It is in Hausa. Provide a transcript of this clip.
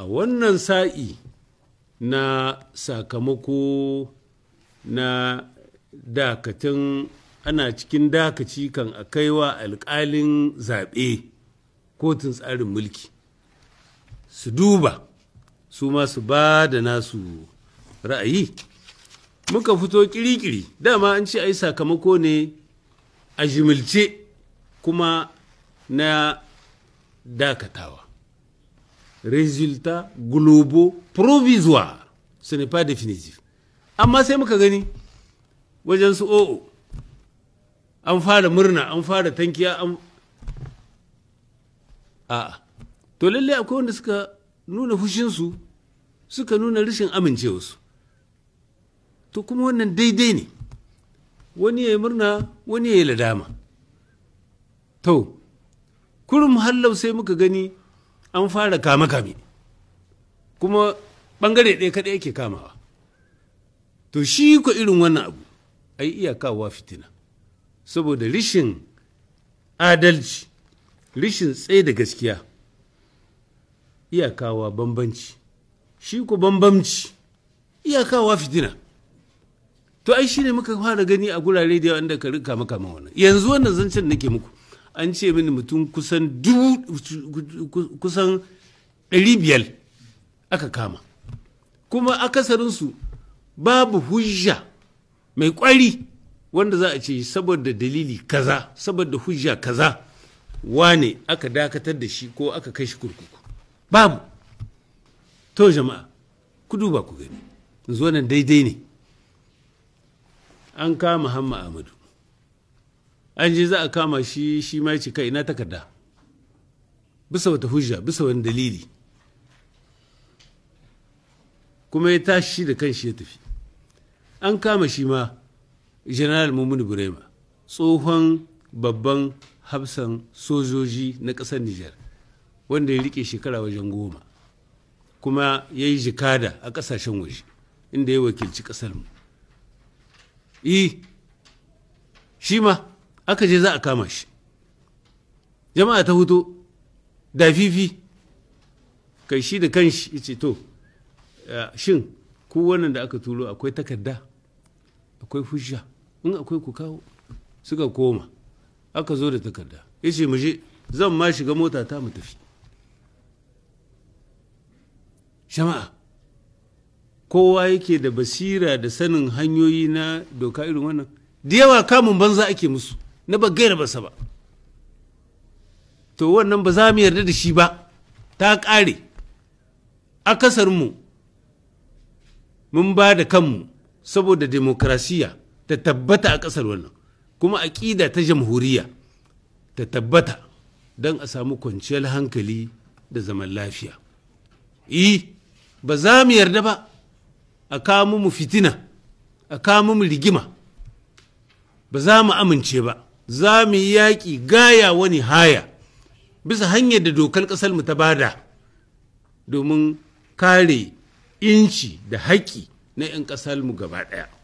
a wannan sa'i na sakamako na dakatun ana cikin dakaci kan a kai wa alƙalin zaɓe kotun tsarin mulki su duba su ma su ba da nasu ra'ayi muka fito kirikiri dama an ce ai sakamako ne a jimilce kuma na dakatawa résultats globaux provisoires ce n'est pas définitif amma sai muka gani wajen su o'o an fara murna an fara tankiya an a to lallai akwai wanda suka nuna fushinsu suka nuna rashin amincewarsu to kuma wannan daidai ne wani ya yi murna wani ya yi ladama to kurum hallau sai muka gani an fara kama kame kuma bangare ɗaya kaɗai yake kamawa to shi ko irin wannan abu ai iya kawowa fitina saboda rishin adalci rishin tsaye da gaskiya iyakawa bambanci shi ko bambamci iyakawa fitina to ai shi ne muka fara gani a gurare da yawa inda ka rika maka wannan yanzu wannan zancen nake muku an ce mini mutum kusan dubu kusan ɗari biyar aka kama kuma akasarinsu babu hujja mai ƙwari wanda za a ce saboda dalili kaza saboda hujja kaza wane aka dakatar da shi ko aka kai shi kurkuku babu to jama'a ku duba ku gani yanzu daidai ne an kama hamma amadu an je za a kama shi shi ma ce kai na takarda bisa wata hujja bisa wani dalili kuma ya tashi da kanshi ya tafi an kama shi ma general mumunu burema tsohon babban hafsan sojoji na ƙasar nijar wanda ya rike shekara wajen goma kuma ya yi jikada a ƙasashen waje inda ya wakilci ƙasar mu shi ma aka je za a kama shi jama'a ta hutu da fifi kai shi da kanshi shi ce to shin ku wannan da aka turo akwai takarda akwai hujja in akwai ku kawo suka koma aka zo da takarda ya ce mu je zan ma shiga mota ta mu tafi jama'a kowa yake da basira da sanin hanyoyi na doka irin wannan da yawa kamun banza ake musu na ba gaira basa ba to wannan ba za mu yarda da shi ba ta ƙare mu mun ba da kanmu saboda demokrasiya ta tabbata a ƙasar wannan kuma aƙida ta jamhuriya ta tabbata don a samu kwanciyar hankali da zaman lafiya E, ba za mu yarda ba a kawo mu fitina a kawo mu rigima ba za mu amince ba za mu yi yaƙi gaya wani haya bisa hanyar da dokar ƙasar mu ta bada domin kare inci da haƙƙi na 'yan ƙasar mu gaba ɗaya.